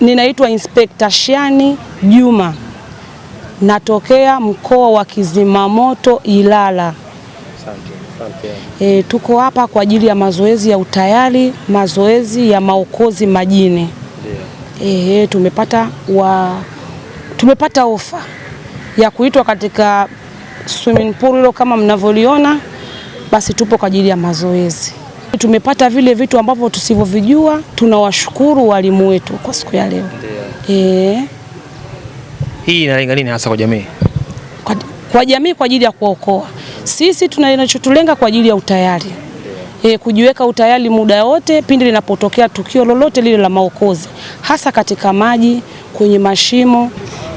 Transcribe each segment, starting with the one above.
Ninaitwa Inspekta Shani Juma, natokea mkoa wa Kizimamoto Ilala. E, tuko hapa kwa ajili ya mazoezi ya utayari, mazoezi ya maokozi majini. E, tumepata wa tumepata ofa ya kuitwa katika swimming pool hilo kama mnavyoliona, basi tupo kwa ajili ya mazoezi tumepata vile vitu ambavyo tusivyovijua. Tunawashukuru walimu wetu kwa siku ya leo e. Hii inalenga nini hasa kwa jamii? Kwa, kwa jamii kwa ajili ya kuokoa sisi, tunachotulenga kwa ajili ya utayari E, kujiweka utayari muda wote pindi linapotokea tukio lolote lile la maokozi hasa katika maji, kwenye mashimo.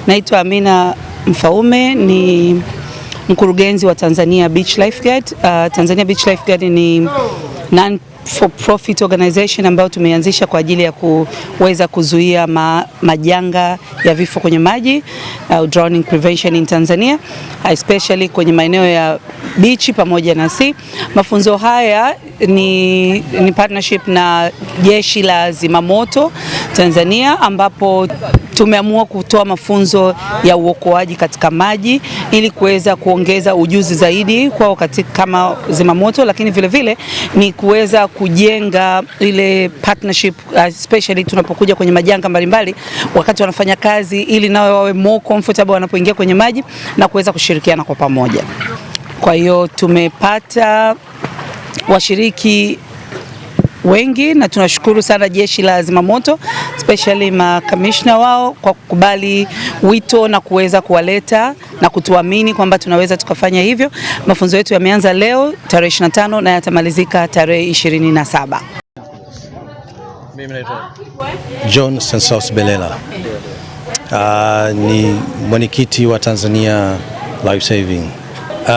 Naitwa Amina Mfaume ni mkurugenzi wa Tanzania Beach Lifeguard. Uh, Tanzania Beach Lifeguard ni non for profit organization ambayo tumeanzisha kwa ajili ya kuweza kuzuia ma, majanga ya vifo kwenye maji uh, drowning prevention in Tanzania especially kwenye maeneo ya bichi pamoja na si Mafunzo haya ni, ni partnership na Jeshi la Zimamoto Tanzania ambapo tumeamua kutoa mafunzo ya uokoaji katika maji ili kuweza kuongeza ujuzi zaidi kwao katika kama zimamoto, lakini vile vile ni kuweza kujenga ile partnership uh, especially tunapokuja kwenye majanga mbalimbali, wakati wanafanya kazi, ili nao wawe more comfortable wanapoingia kwenye maji na kuweza kushirikiana kwa pamoja. Kwa hiyo tumepata washiriki wengi na tunashukuru sana jeshi la zimamoto especially makamishna wao kwa kukubali wito na kuweza kuwaleta na kutuamini kwamba tunaweza tukafanya hivyo. Mafunzo yetu yameanza leo tarehe 25 na yatamalizika tarehe 27. Mimi naitwa John Sensos Belela. Uh, ni mwenyekiti wa Tanzania Life Saving. Uh,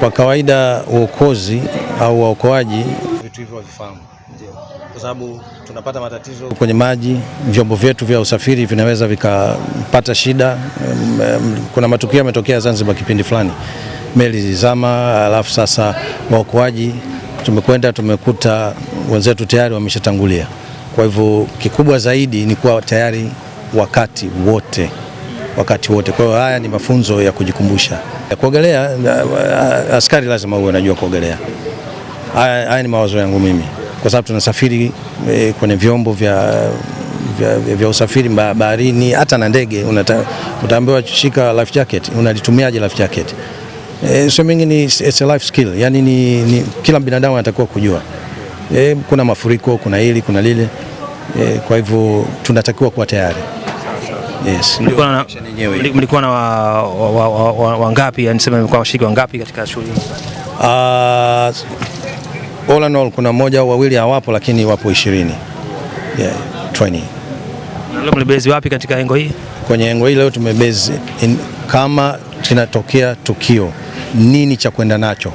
kwa kawaida uokozi au waokoaji vitu hivyo wavifahamu kwa sababu tunapata matatizo kwenye maji, vyombo vyetu vya usafiri vinaweza vikapata shida. Kuna matukio yametokea Zanzibar kipindi fulani, meli zilizama, alafu sasa waokoaji tumekwenda tumekuta wenzetu tayari wameshatangulia. Kwa hivyo kikubwa zaidi ni kuwa tayari wakati wote wakati wote. Kwa hiyo haya ni mafunzo ya kujikumbusha. Kuogelea, askari lazima uwe unajua kuogelea. Haya, haya ni mawazo yangu mimi kwa sababu tunasafiri e, kwenye vyombo vya, vya, vya, vya usafiri baharini hata na ndege. Utaambiwa shika life jacket, unalitumiaje life jacket? E, swimming ni it's a life skill, yani ni, ni kila binadamu anatakiwa kujua e, kuna mafuriko, kuna hili, kuna lile e, kwa hivyo tunatakiwa kuwa tayari. Yes. Mlikuwa na mlikuwa na wangapi, yani sema mlikuwa washiriki wangapi katika shughuli? Ah, all in all kuna mmoja au wawili hawapo, lakini wapo 20. Yeah, training. Leo mlibezi wapi katika engo hii? Kwenye engo hii leo tumebezi in, kama kinatokea tukio nini cha kwenda nacho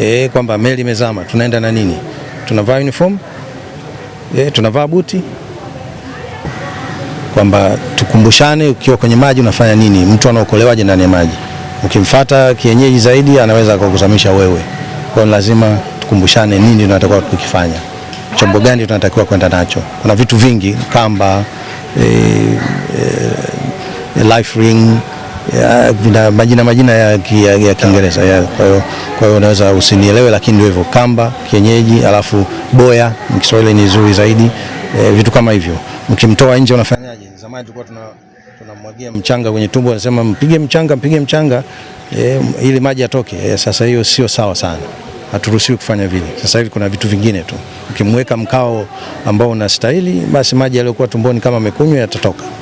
e, kwamba meli imezama tunaenda na nini? Tunavaa uniform e, tunavaa buti, kwamba tukumbushane, ukiwa kwenye maji unafanya nini, mtu anaokolewaje ndani ya maji. Ukimfata kienyeji zaidi anaweza akakuzamisha wewe, kwa lazima tukumbushane nini tunatakiwa tukifanya, chombo gani tunatakiwa kwenda nacho. Kuna vitu vingi, kamba e, e, life ring vina majina majina ya Kiingereza ya, ya, kwa hiyo kwa hiyo unaweza usinielewe, lakini ndio hivyo, kamba kienyeji, alafu boya Kiswahili ni nzuri zaidi e, vitu kama hivyo. Mkimtoa nje unafanyaje? Zamani tulikuwa tuna tunamwagia mchanga kwenye tumbo, anasema mpige mchanga, mpige mchanga e, ili maji yatoke e, sasa hiyo sio sawa sana haturuhusiwi kufanya vile. Sasa hivi kuna vitu vingine tu, ukimweka mkao ambao unastahili, basi maji yaliyokuwa tumboni kama amekunywa yatatoka.